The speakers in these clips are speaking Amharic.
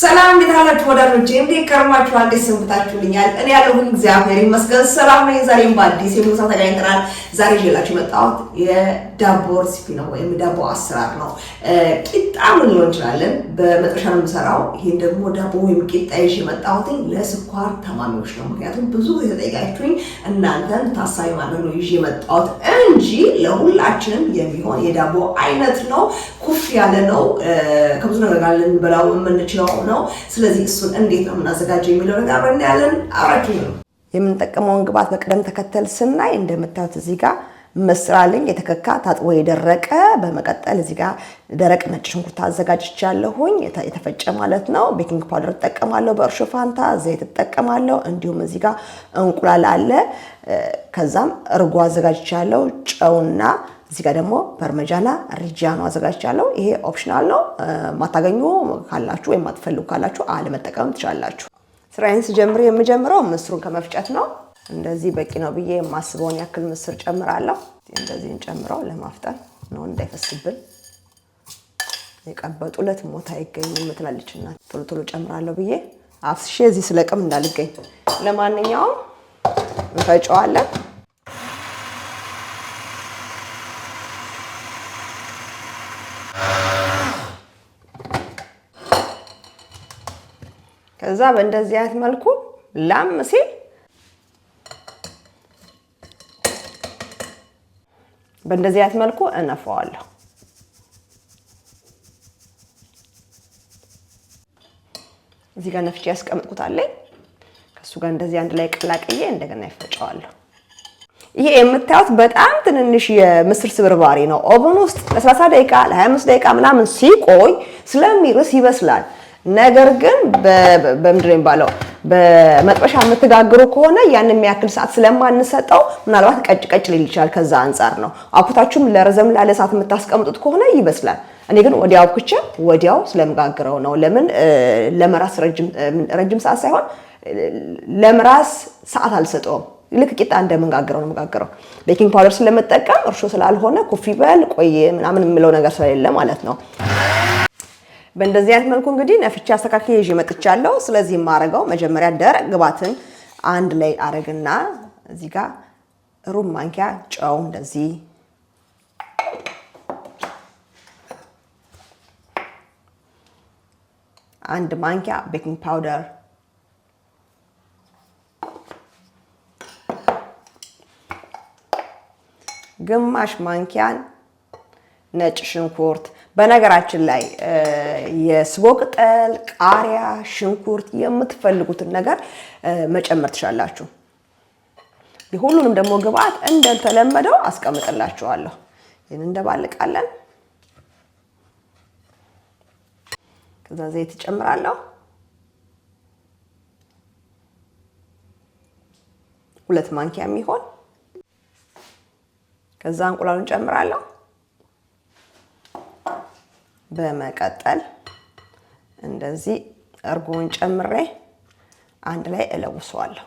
ሰላም እንዴት አላችሁ ወዳጆቼ? እንዴት ከርማችኋል? እንዴት ሰንብታችሁልኛል? እኔ ያለሁን እግዚአብሔር ይመስገን ሰላም ነኝ። ዛሬም በአዲስ የሙሳ ተገናኝተናል። ዛሬ ይዤላችሁ የመጣሁት ዳቦ ሪሲፒ ነው ወይም ዳቦ አሰራር ነው። ቂጣ ሊሆን እንችላለን። በመጥረሻ ነው የምሰራው። ይህን ደግሞ ዳቦ ወይም ቂጣ ይዤ የመጣሁትኝ ለስኳር ተማሚዎች ነው። ምክንያቱም ብዙ ጊዜ እናንተን ታሳቢ ማድረግ ነው ይዤ የመጣሁት እንጂ ለሁላችንም የሚሆን የዳቦ አይነት ነው። ኩፍ ያለ ነው። ከብዙ ነገር ጋር ልንበላው የምንችለው ነው። ስለዚህ እሱን እንዴት ነው የምናዘጋጀው የሚለው ነገር አብረን እናያለን። አብራችሁ ነው የምንጠቀመውን ግብዓት በቅደም ተከተል ስናይ እንደምታዩት እዚህ ጋር መስራልኝ የተከካ ታጥቦ የደረቀ በመቀጠል እዚህ ጋር ደረቅ ነጭ ሽንኩርት አዘጋጅቻለሁኝ የተፈጨ ማለት ነው። ቤኪንግ ፓውደር እጠቀማለሁ በእርሾ ፋንታ፣ ዘይት እጠቀማለሁ። እንዲሁም እዚህ ጋር እንቁላል አለ። ከዛም እርጎ አዘጋጅቻለሁ፣ ጨውና እዚህ ጋር ደግሞ በርመጃና ሪጂያኖ አዘጋጅቻለሁ። ይሄ ኦፕሽናል ነው። ማታገኙ ካላችሁ ወይም ማትፈልጉ ካላችሁ አለመጠቀም ትችላላችሁ። ስራዬን ስጀምር የምጀምረው ምስሩን ከመፍጨት ነው። እንደዚህ በቂ ነው ብዬ የማስበውን ያክል ምስር ጨምራለሁ። እንደዚህ እንጨምረው ለማፍጠር ነው እንዳይፈስብን። የቀበጡለት ሞታ አይገኝም የምትላለችና ቶሎ ቶሎ ጨምራለሁ ብዬ አፍስሼ እዚህ ስለቅም እንዳልገኝ። ለማንኛውም እንፈጨዋለን። ከዛ በእንደዚህ አይነት መልኩ ላም ሲል በእንደዚህ አይነት መልኩ እነፋዋለሁ። እዚህ ጋር ነፍቼ ያስቀምጥኩት አለኝ። ከእሱ ጋር እንደዚህ አንድ ላይ ቀላቅዬ እንደገና ይፈጨዋለሁ። ይሄ የምታዩት በጣም ትንንሽ የምስር ስብርባሪ ነው። ኦቨን ውስጥ ለ30 ደቂቃ ለ25 ደቂቃ ምናምን ሲቆይ ስለሚርስ ይበስላል። ነገር ግን በምድሬም ባለው በመጥበሻ የምትጋግሩ ከሆነ ያንን የሚያክል ሰዓት ስለማንሰጠው ምናልባት ቀጭ ቀጭ ሊል ይችላል። ከዛ አንጻር ነው። አኩታችሁም ለረዘም ላለ ሰዓት የምታስቀምጡት ከሆነ ይበስላል። እኔ ግን ወዲያው አኩቼ ወዲያው ስለምጋግረው ነው። ለምን ለምራስ ረጅም ሰዓት ሳይሆን ለምራስ ሰዓት አልሰጠውም። ልክ ቂጣ እንደምንጋግረው ነው የምጋግረው። ቤኪንግ ፓውደር ስለምጠቀም እርሾ ስላልሆነ ኮፊ በል ቆይ ምናምን የምለው ነገር ስለሌለ ማለት ነው። በእንደዚህ አይነት መልኩ እንግዲህ ነፍቼ አስተካክዬ ይዤ መጥቻለሁ። ስለዚህ የማረገው መጀመሪያ ደረቅ ግባትን አንድ ላይ አረግና እዚህ ጋር ሩብ ማንኪያ ጨው እንደዚህ አንድ ማንኪያ ቤኪንግ ፓውደር ግማሽ ማንኪያን ነጭ ሽንኩርት በነገራችን ላይ የስቦ ቅጠል፣ ቃሪያ፣ ሽንኩርት የምትፈልጉትን ነገር መጨመር ትችላላችሁ። የሁሉንም ደግሞ ግብአት እንደተለመደው አስቀምጥላችኋለሁ። ይህን እንደባልቃለን። ከዛ ዘይት ትጨምራለሁ ሁለት ማንኪያ የሚሆን ከዛ እንቁላሉን ጨምራለሁ። በመቀጠል እንደዚህ እርጎውን ጨምሬ አንድ ላይ እለውሰዋለሁ።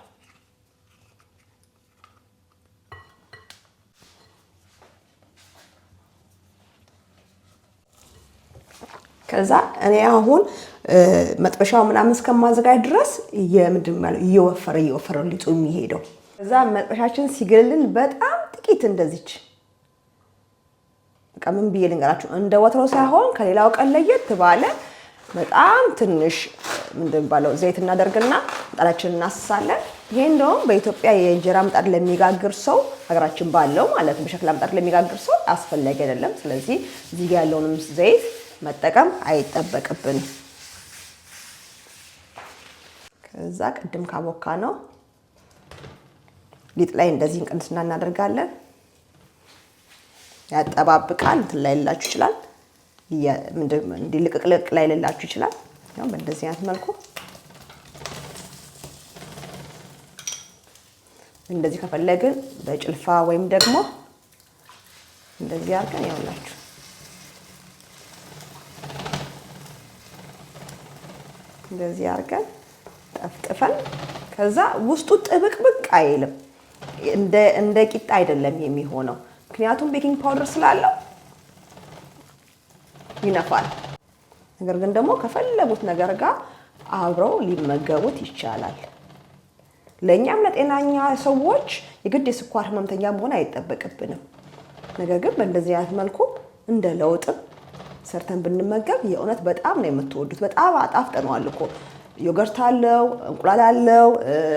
ከዛ እኔ አሁን መጥበሻው ምናምን እስከማዘጋጅ ድረስ የምንድን ነው እየወፈረ እየወፈረ ሊጡ የሚሄደው። ከዛ መጥበሻችን ሲገልልን በጣም ጥቂት እንደዚች ቀምን ብዬ ልንገራችሁ፣ እንደ ወትሮ ሳይሆን ከሌላው ቀን ለየት ባለ በጣም ትንሽ ምንድን ባለው ዘይት እናደርግና ምጣዳችን እናስሳለን። ይሄ እንደውም በኢትዮጵያ የእንጀራ ምጣድ ለሚጋግር ሰው ሀገራችን ባለው ማለት በሸክላ ምጣድ ለሚጋግር ሰው አስፈላጊ አይደለም። ስለዚህ እዚህ ጋ ያለውንም ዘይት መጠቀም አይጠበቅብን። ከዛ ቅድም ካቦካ ነው ሊጥ ላይ እንደዚህ እንቅንስና እናደርጋለን። ያጠባብቃል። እንትን ላይ ይችላል። እንዲልቅቅልቅ ልቅቅልቅ ልላችሁ ይችላል። ያው በእንደዚህ አይነት መልኩ እንደዚህ ከፈለግን በጭልፋ ወይም ደግሞ እንደዚህ አድርገን ያውላችሁ እንደዚህ አድርገን ጠፍጥፈን ከዛ ውስጡ ጥብቅብቅ አይልም። እንደ ቂጣ አይደለም የሚሆነው። ምክንያቱም ቤኪንግ ፓውደር ስላለው ይነፋል። ነገር ግን ደግሞ ከፈለጉት ነገር ጋር አብረው ሊመገቡት ይቻላል። ለእኛም ለጤናኛ ሰዎች የግድ የስኳር ህመምተኛ መሆን አይጠበቅብንም። ነገር ግን በእንደዚህ አይነት መልኩ እንደ ለውጥም ሰርተን ብንመገብ የእውነት በጣም ነው የምትወዱት። በጣም አጣፍጠነዋል እኮ ዮገርት አለው፣ እንቁላል አለው፣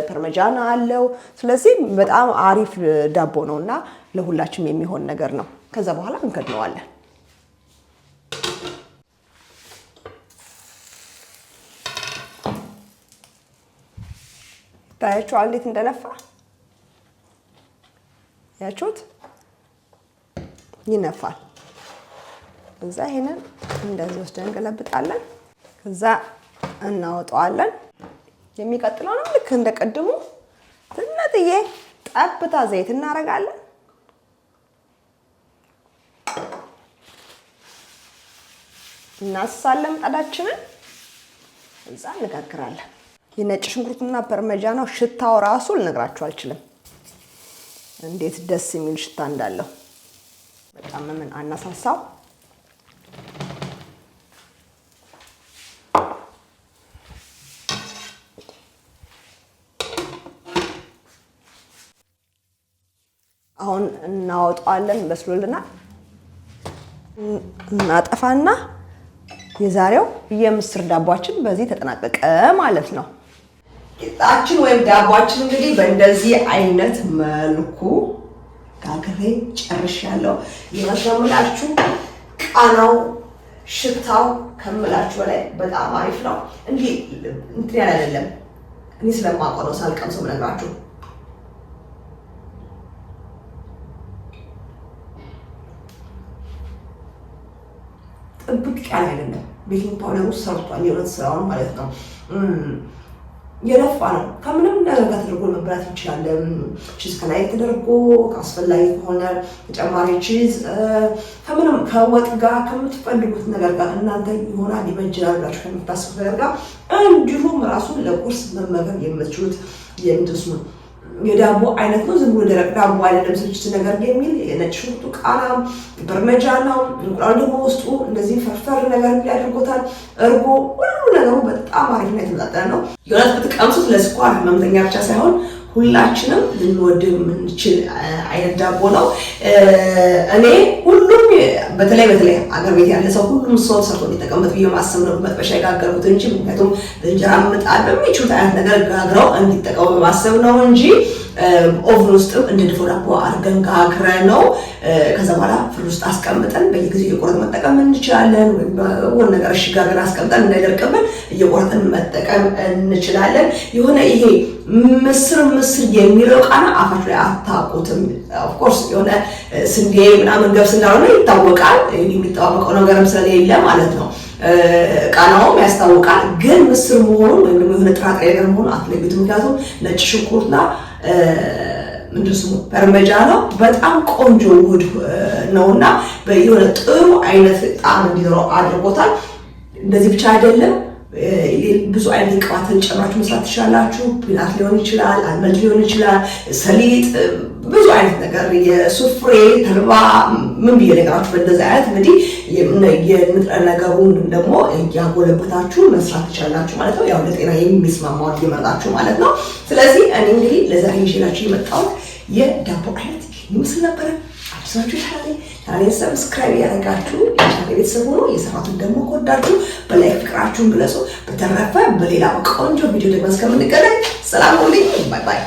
ፐርመጃና አለው። ስለዚህ በጣም አሪፍ ዳቦ ነው እና ለሁላችም የሚሆን ነገር ነው። ከዛ በኋላ እንከድነዋለን። ታያችኋል እንዴት እንደነፋ ያችሁት ይነፋል። እዛ ይሄንን እንደዚህ ወስደን እንገለብጣለን። ከዛ እናወጣዋለን። የሚቀጥለውንም ልክ እንደ ቅድሙ ትነጥዬ ጠብታ ዘይት እናደርጋለን። እናስሳለን ምጣዳችንን፣ እዛ እንጋግራለን። የነጭ ሽንኩርትና ነው ሽታው ራሱ ልነግራችሁ አልችልም፣ እንዴት ደስ የሚል ሽታ እንዳለው በጣም ምን አናሳሳው አሁን እናወጣዋለን። በስሎልናል። እናጠፋና የዛሬው የምስር ዳቧችን በዚህ ተጠናቀቀ ማለት ነው። ቂጣችን ወይም ዳቧችን እንግዲህ በእንደዚህ አይነት መልኩ ጋግሬ ጨርሻለሁ። ይመስላችሁ ቃናው፣ ሽታው ከምላችሁ በላይ በጣም አሪፍ ነው። እንዲህ እንትን ያለ አይደለም። እኔ ስለማቆረው ሳልቀምሰው ነግራችሁ ቀን አይደለም። ቤኪንግ ፓውደሩ ሰርቷል፣ የሁለት ስራውን ማለት ነው። የለፋ ነው። ከምንም ነገር ጋር ተደርጎ መብላት ይችላል። ቺዝ ከላይ ተደርጎ አስፈላጊ ከሆነ ተጨማሪ ቺዝ፣ ከምንም ከወጥ ጋር ከምትፈልጉት ነገር ጋር እናንተ ይሆናል ይበጅላል ብላችሁ ከምታስቡት ነገር ጋር እንዲሁም ራሱ ለቁርስ መመገብ የምትችሉት የምትስ የዳቦ አይነት ነው። ዝም ብሎ ደረቅ ዳቦ አይደለም። ስልችት ነገር የሚል የነጭ ሽንኩርቱ ቃናም በርመጃ ነው። እንቁላል ደግሞ ውስጡ እንደዚህ ፈርፈር ነገር ያደርጎታል። እርጎ ሁሉ ነገሩ በጣም አሪፍና የተመጣጠነ ነው። የእውነት ብትቀምሱት ለስኳር ህመምተኛ ብቻ ሳይሆን ሁላችንም ልንወድ የምንችል አይነት ዳቦ ነው። እኔ ሁሉም በተለይ በተለይ አገር ቤት ያለ ሰው ሁሉም ሰው ሰርቶ እንዲጠቀምበት ብዬ ማሰብ ነው መጥበሻ የጋገርኩት እንጂ ምክንያቱም በእንጀራ ምጣድ በሚችሉት አይነት ነገር ጋግረው እንዲጠቀሙ ማሰብ ነው እንጂ ኦቭን ውስጥም እንደ ድፎ ዳቦ አድርገን ጋግረ ነው ከዛ በኋላ ፍል ውስጥ አስቀምጠን በየጊዜው እየቆረጥን መጠቀም እንችላለን። ወይም ነገር እሺ አስቀምጠን እንዳይደርቅብን እየቆረጥን መጠቀም እንችላለን። የሆነ ይሄ ምስር ምስር የሚለው ቃና አፋች ላይ አታውቁትም። ኦፍኮርስ የሆነ ስንዴ ምናምን ገብስ እንዳልሆነ ይታወቃል። የሚጠባበቀው ነገርም ስለሌለ ማለት ነው ቃናውም ያስታውቃል ግን ምስር መሆኑን ወይም ደግሞ የሆነ ጥራጥሬ ነገር መሆኑን አትለዩት። ምክንያቱም ነጭ ሽንኩርትና ምንድን ስሙ በርመጃ ነው በጣም ቆንጆ ውህድ ነውና የሆነ ጥሩ አይነት ጣዕም እንዲኖረው አድርጎታል። እንደዚህ ብቻ አይደለም ብዙ አይነት ቅባትን ጨምራችሁ መስራት ትችላላችሁ። ፒናት ሊሆን ይችላል፣ አልመድ ሊሆን ይችላል፣ ሰሊጥ፣ ብዙ አይነት ነገር የሱፍሬ ተልባ ምን ብዬ ነገራችሁ። በእንደዚህ አይነት እንግዲህ የንጥረ ነገሩን ደግሞ እያጎለበታችሁ መስራት ትችላላችሁ ማለት ነው። ያው ለጤና የሚስማማው ይመጣችሁ ማለት ነው። ስለዚህ እኔ እንግዲህ ለዛሬ ይዤላችሁ የመጣሁት የዳቦ አይነት ይመስል ነበረ። አዲሶቹ ቻናሌ ቻናሌን ሰብስክራይብ ያደረጋችሁ የቻናሌ ቤተሰብ ሆኖ የሰራቱን ደግሞ ከወዳችሁ በላይ ፍቅራችሁን ግለጹ። በተረፈ በሌላ ቆንጆ ቪዲዮ ደግሞ እስከምንገናኝ ሰላም ሁኑልኝ። ባይ ባይ